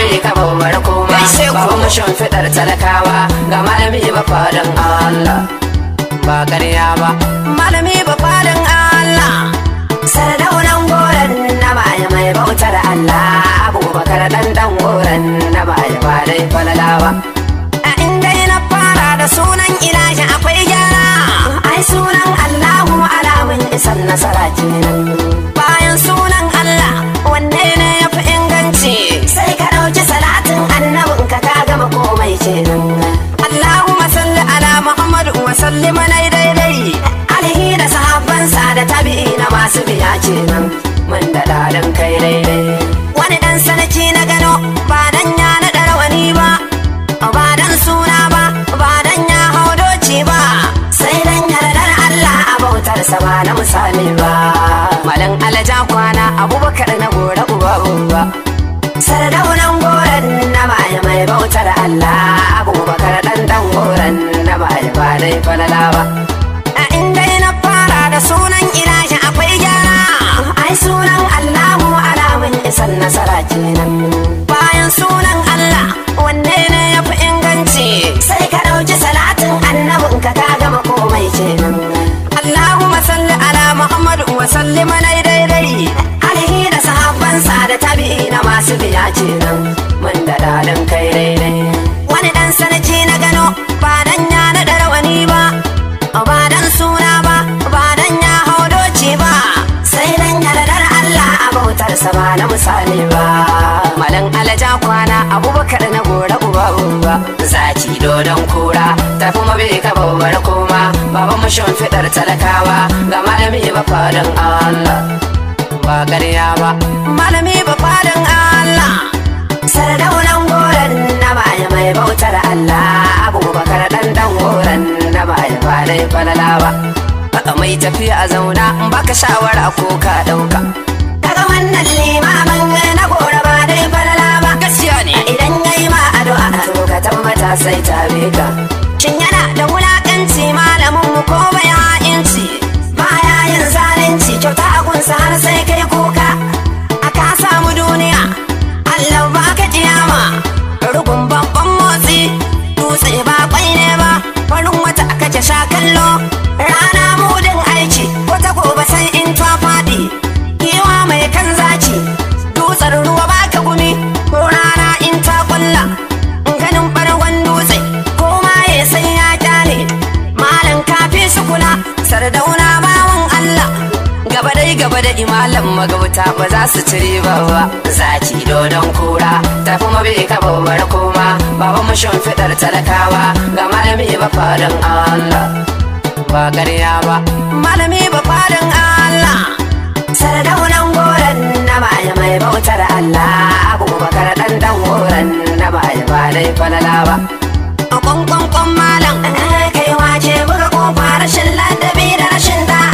malami ka bau markoma babu mushin fidar talakawa ga malami ba fadin Allah ba ƙarya ba malami ba fadin Allah sardaunan goron na baya mai bautar Allah abubakar dan dan goron na baya ba dai falalawa a inda na fara da sunan ilahi akwai gyara ai sunan Allahu alamun isan nasara kenan bayan sunan kalli manai daidai alhi da sahabbansa da tabi'i na masu biya kenan mun da daɗin kai daidai wani dan sanaki na gano ba dan ya naɗa rawani ba ba dan suna ba ba dan ya hau doci ba sai dan yardar Allah a sa ba na misali ba malan alaja kwana falala ba a inda na fara da sunan ilahi akwai gyara ai sunan allahu alamun isan nasara kenan bayan sunan allah wanne ne ya fi inganci sai ka ɗauki salatin annabin ka ka gama komai kenan Allahu masalli ala muhammad wa salli manai daidai alihi da sahabbansa da tabi'i na masu biya kenan kuma bai ka babbar koma baban mu shin fidar talakawa ga malami ba faɗin Allah ba gariya ba malami ba faɗin Allah sardaunan goran na baya mai bautar Allah abubakar dan dan goran na baya ba dai falala ba haka mai tafiya a zauna in baka shawara ko ka dauka daga wannan limaman na gora ba dai falala ba gaskiya ne idan yayi ma addu'a to ka tabbata sai ta beka shin yana da wulaƙanci malamin mu ko bai ha'inci baya yin zalunci kyauta a gunsa har sai za su cire babba zaki dodon kura tafi mabe ka babbar koma baban mu fitar talakawa ga malami ba fadin Allah ba gariya ba malami ba fadin Allah sardaunan goren na mai bautar Allah abubakar dan dan goren na ba dai falala ba a kwankwankwan malam kai wace buga kofa shin ladabi da rashin da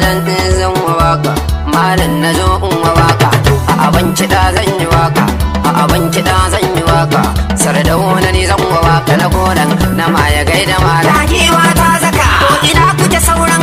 malam in zan waka malam na zo in waka a abin kiɗa zan yi waka a abin kiɗa zan yi waka sardauna ne zan waka na gonan na ma ya gaida malam ta zaka ko ina kuke sauran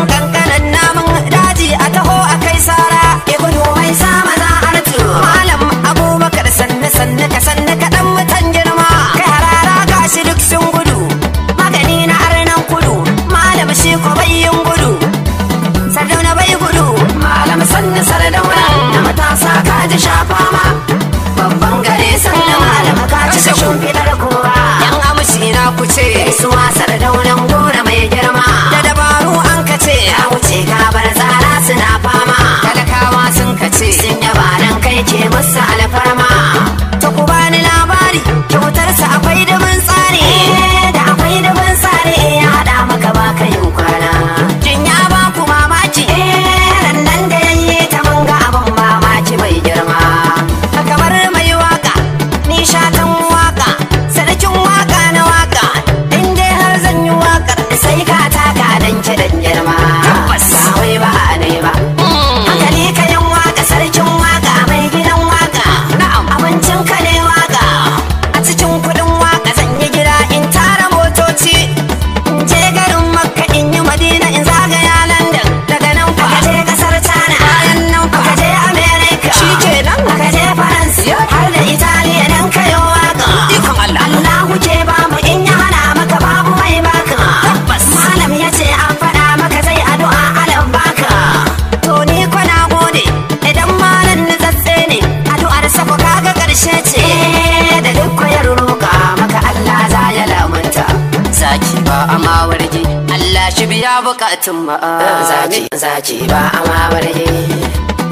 ki biya bukatun ba. zaci zaci ba amma barje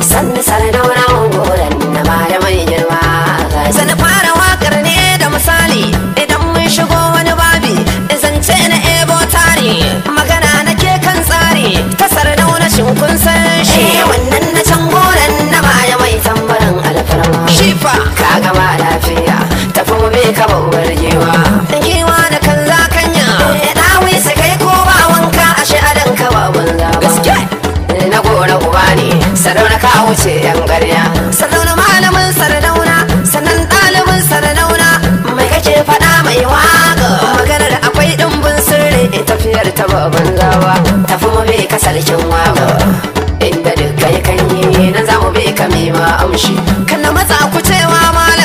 sanni sardauna ungoran na bada mai girma zan fara wakar ne da misali idan mun shigo wani babi zance na ebo tari magana nake kan tsari ta sardauna shin kun san shi eh, wannan na can goran na baya mai tambarin alfarma shifa ka gama lafiya tafi mu ka bauwar jewa wuce yan garya sannan malamin sardauna sanan ɗalibin sardauna mai kake faɗa mai waka maganar akwai ɗimbin sirri e tafiyar ta babban zawa tafi mu bai kasarkin waka inda duk kai kan yi nan za mu bai kame ma amshi kana matsa ku cewa malam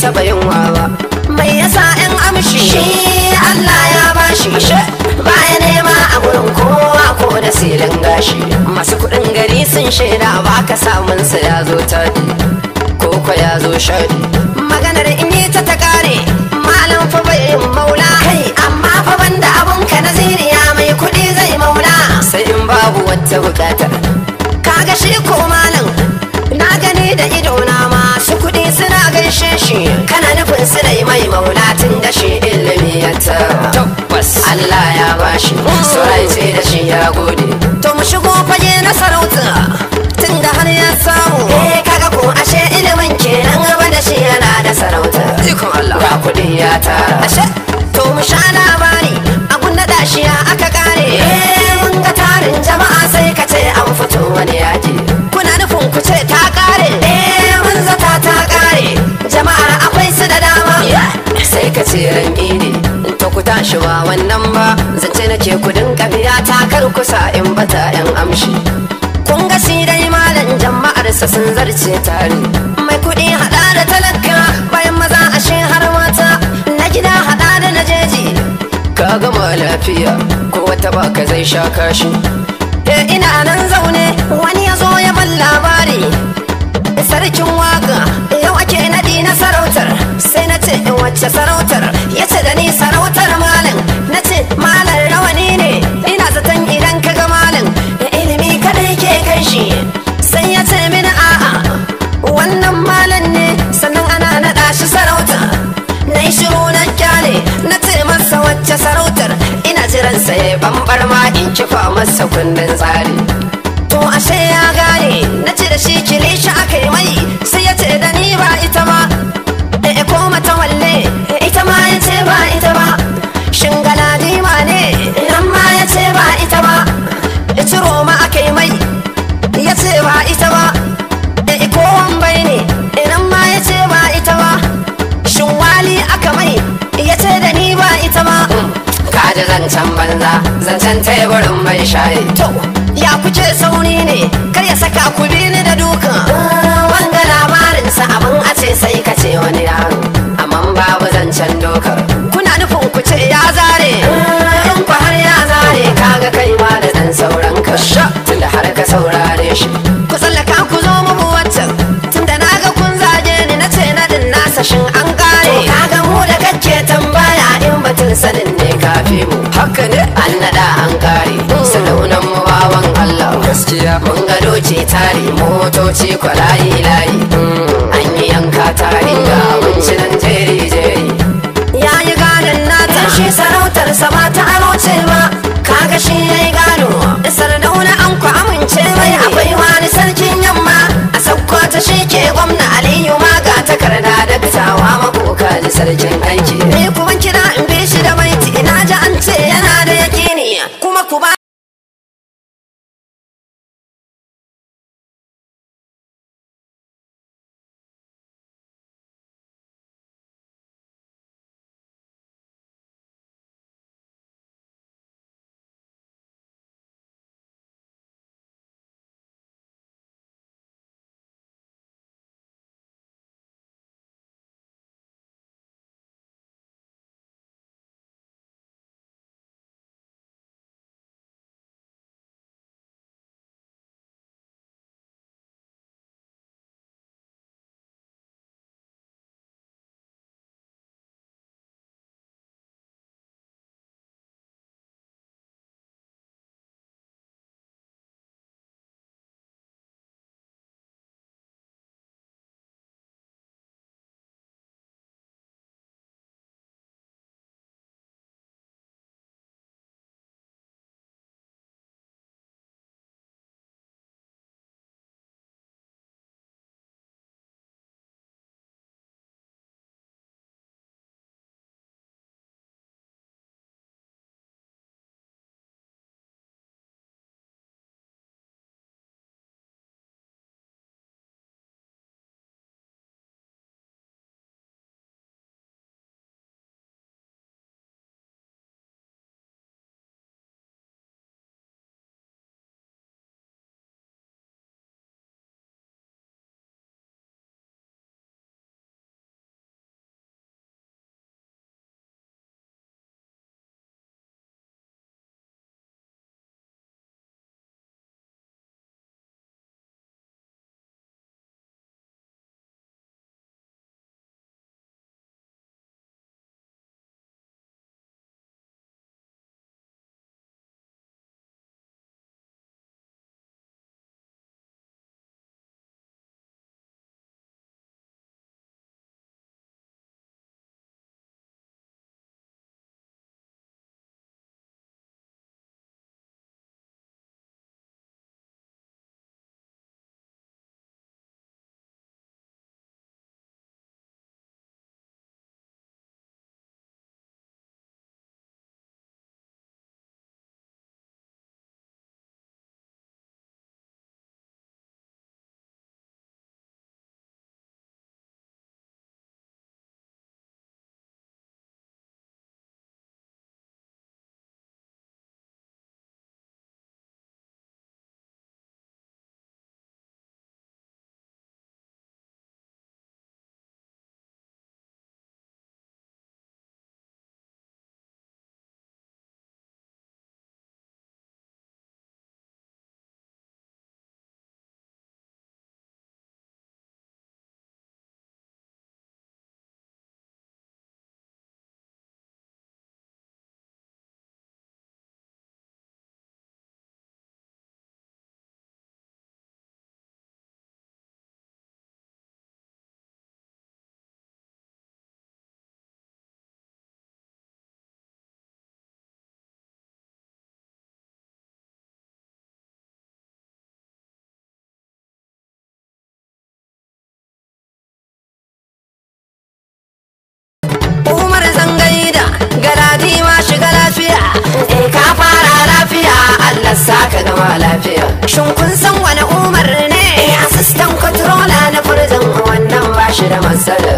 taba yunwa ba mai yasa yan amshi shi Allah ya bashi ba ya nema a gurin kowa ko da silin gashi masu kuɗin gari sun shaida ba ka samun sa ya zo tadi koko ya zo shari maganar in yi ta ta kare malam fa bai yin maula kai amma fa banda abun ka na ya mai kuɗi zai maula sai in babu wata bukata kaga shi ko malam na gani da ido na ma gaishe shi kana nufin su da mai maula tun da shi ilimi ya tabbas Allah ya bashi surai ce da shi ya gode to mu shigo fage na sarauta tun da har ya samu eh kaga ko ashe ilimin kenan gaba da shi yana da sarauta ikon Allah ga kudi ya tara ashe to mu sha shana tseren ini in to ku tashi ba wannan ba zance na ce kudin dinka ta kar kusa in bata yan amshi kun ga shi dai malam sa sun zarce tare mai kuɗi hada da talaka bayan maza ashe har mata na gida hada da na jeji ka gama lafiya ko wata baka zai sha kashi eh, ina nan zaune wani ya zo ya ban labari sarkin mace sarautar ya ce da ni sarautar malin na ce malar rawani ne ina zaton idan ka ga malin da ilimi kadai ke kan shi sai ya ce mini a'a wannan malin ne sannan ana naɗa shi sarauta na yi shiru na kyale na ce masa wacce sarautar ina jiransa ya bambar ma in kifa masa kundin tsari zancen banza zancen teburin mai shayi to ya kuce sauri ne kar ya saka ku bi ni da dukan wanga labarinsa abin a ce sai ka ce wani yaro amma babu zancen dokar kuna nufin ku ce ya zare in ku har ya zare kaga kai ma da dan sauran ka tunda har ka saurare shi ku tsallaka ku zo mu wancan tunda ga kun zage ni na ce na din nasa shin an kare kaga mu da kake tambaya in batun sanin gaskiya bungalo ce tare motoci kwalayi layi an yi yanka tare ga abinci nan jeri jeri ya yi gadon na tashi sarautar sama ta anoce ba kaga shi ya yi gado isar dauna an ku amince mai akwai wani sarkin yamma a sauko ta shi ke gwamna aliyu ma ga takarda daktawa maboka ji sarkin aiki zama lafiya shin kun san wani umar ne eh, asistan controller na furzan wannan bashi da matsala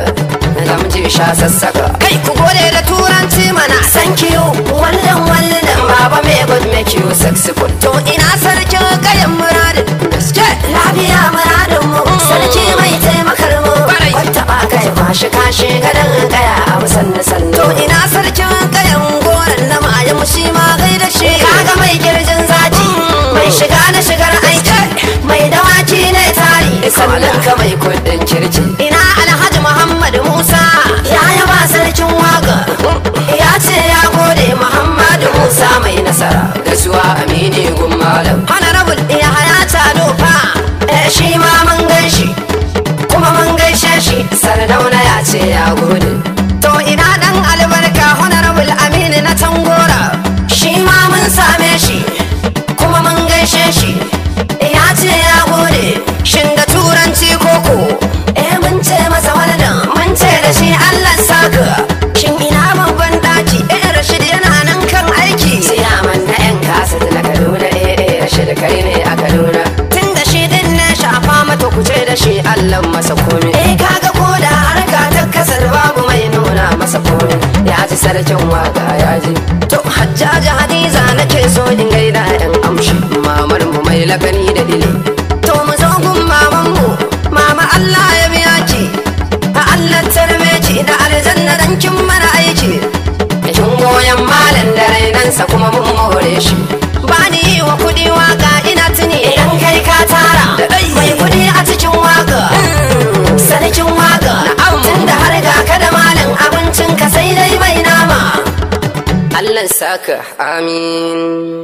gamji sha sassaka kai ku gode da turanci mana san kiyo wannan wannan baba mai god make you successful to ina sarkin kayan muradin gaske lafiya muradin mu sarki mai taimakar mu wata ba kai ba shi kashi gadon kaya a musanna sanna to ina sarkin mun same shi kuma mun gaishe shi ya ce ya gode shin da turanci koko eh mun ce masa waladan mun ce da shi allah saka shin ina babban daji eh rashid yana nan kan aiki siyaman yan kasa na kaduna eh, eh rashid kai ne a kaduna tun da shi din na shafa mata kuce da shi allah masa komi eh kaga ko da harka ta kasar babu mai nuna masa komi ya ji sarkin waka mai da dile to mu zo gun mama Allah ya biya ki a Allah tarme da aljanna dan mana aiki shin goyon malam da rainansa kuma mun more shi ba ni yi wa kuɗi waka ina tuni idan kai ka tara mai a cikin waka mm. sarkin waka tunda har ga ka da malam abincin ka sai dai mai nama Allah saka amin